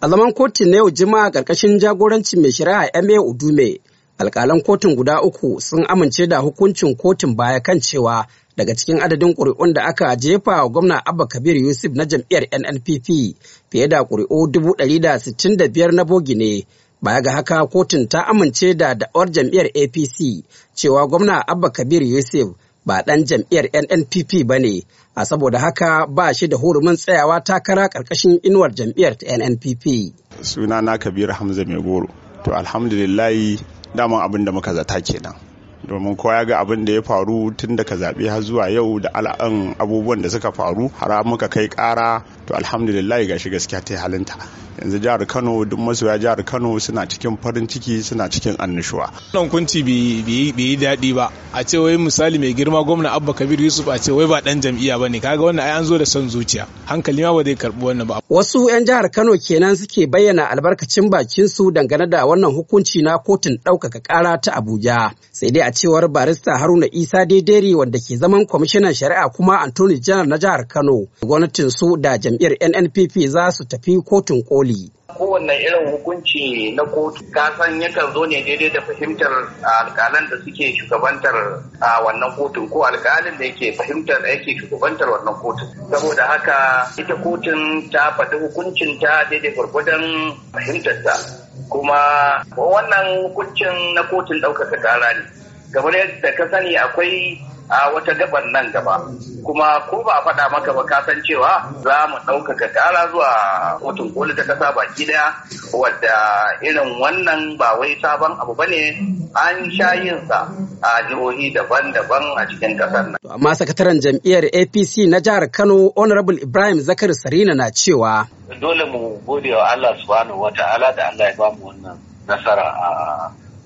A zaman kotun na yau Juma'a ƙarƙashin jagorancin mai shari'a M.A. Udume, alƙalan kotun guda uku sun amince da hukuncin kotun baya kan cewa daga cikin adadin ƙuri'un da aka jefa wa gwamna Abba Kabir Yusuf na jam'iyyar NNPP fiye da ƙuri'u dubu ɗari da sittin da biyar na bogi ne. Baya ga haka kotun ta amince da da'awar jam'iyyar APC cewa gwamna Abba Kabir Yusuf ba ɗan jam'iyyar NNPP ba ne, a saboda haka ba shi da hurumin tsayawa takara ƙarƙashin inuwar jam'iyyar ta NNPP. Suna na Kabiru Hamza Mai Goro. To alhamdulillahi daman abin da muka zata kenan. domin kowa ya ga abin da ya faru tun daga zaɓe har zuwa yau da al'an abubuwan da suka faru har muka kai ƙara to alhamdulillah ga shi gaskiya ta halinta yanzu jihar kano duk masoya jihar kano suna cikin farin ciki suna cikin annishuwa wannan kunci bai yi daɗi ba a ce wai misali mai girma gwamna abba kabir yusuf a ce wai ba ɗan jam'iyya ba ne kaga wannan ai an zo da son zuciya hankali ma ba zai karɓi wannan ba wasu 'yan jihar kano kenan suke bayyana albarkacin bakin su dangane da wannan hukunci na kotun ɗaukaka ƙara ta abuja sai dai a cewar barista Haruna Isa Dederi wanda ke zaman kwamishinan shari'a kuma antoni Janar na jihar Kano. Gwamnatin su da jam'iyyar NNPP za su tafi kotun koli. kowanne irin hukunci na kotu kasan yakan zo ne daidai da fahimtar ah, alkalan da suke shugabantar a ah, wannan kotun ko alkalin da yake fahimtar yake shugabantar wannan kotun saboda haka ita kotun ta faɗi hukuncin ta daidai gwargwadon fahimtar ta kuma wannan hukuncin na kotun ɗaukaka ƙara ne kamar yadda ka sani akwai a wata gabar nan gaba kuma ko ba a faɗa maka ba kasan cewa za mu ɗaukaka ƙara zuwa kotun koli ta ƙasa baki daya wadda irin wannan ba wai sabon abu ba ne an sha yinsa a jihohi daban-daban a cikin ƙasar nan. amma sakataren jam'iyyar apc na jihar kano honorable ibrahim zakari sarina na cewa. dole mu gode wa allah subhanahu wa ta'ala da allah ya ba mu wannan nasara a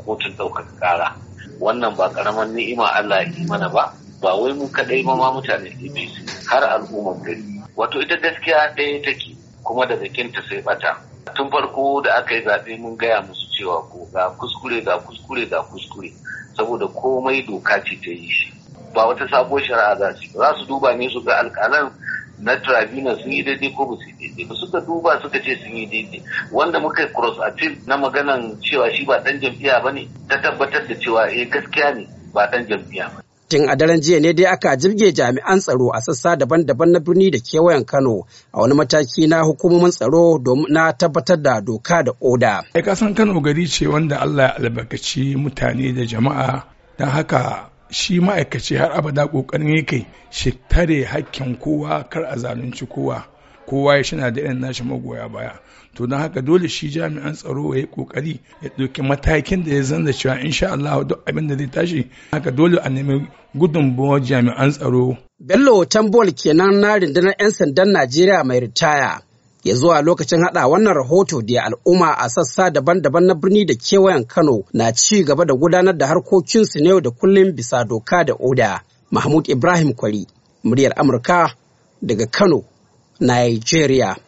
kotun ɗaukaka ƙara. wannan ba karaman ni'ima Allah ya yi mana ba ba wai mu kadai ma mutane ne har al'ummar gari wato ita gaskiya ɗaya take kuma daga kinta sai bata tun farko da aka yi zaɓe mun gaya musu cewa ko ga kuskure ga kuskure ga kuskure saboda komai doka ce ta yi shi ba wata sabuwar shari'a za su za su duba ne su ga alƙalan na tribunal sun yi daidai ko ba su yi daidai ba suka duba suka ce sun yi daidai wanda muka yi cross appeal na maganan cewa shi ba dan jam'iyya ba ne ta tabbatar da cewa eh gaskiya ne ba dan jam'iyya ba Tun a daren jiya ne dai aka jirge jami'an tsaro a sassa daban-daban na birni da kewayen Kano a wani mataki na hukumomin tsaro na tabbatar da doka da oda. Ai kasan Kano gari ce wanda Allah ya albarkaci mutane da jama'a don haka shi ma'aikaci har abada ƙoƙarin yake shi tare hakkin kowa kar a zalunci kowa kowa ya shina da irin nashi magoya baya to don haka dole shi jami'an tsaro ya yi kokari ya ɗauki matakin da ya zanna cewa insha Allah duk abin da zai tashi haka dole a nemi gudunmawar jami'an tsaro Bello Tambol kenan na rundunar 'yan sandan Najeriya mai ritaya. ya zuwa lokacin hada wannan rahoto da al'umma a sassa daban-daban na birni da kewayen kano na ci gaba da gudanar da harkokinsu na yau da kullum bisa doka da oda mahmud ibrahim kwari muryar amurka daga kano nigeria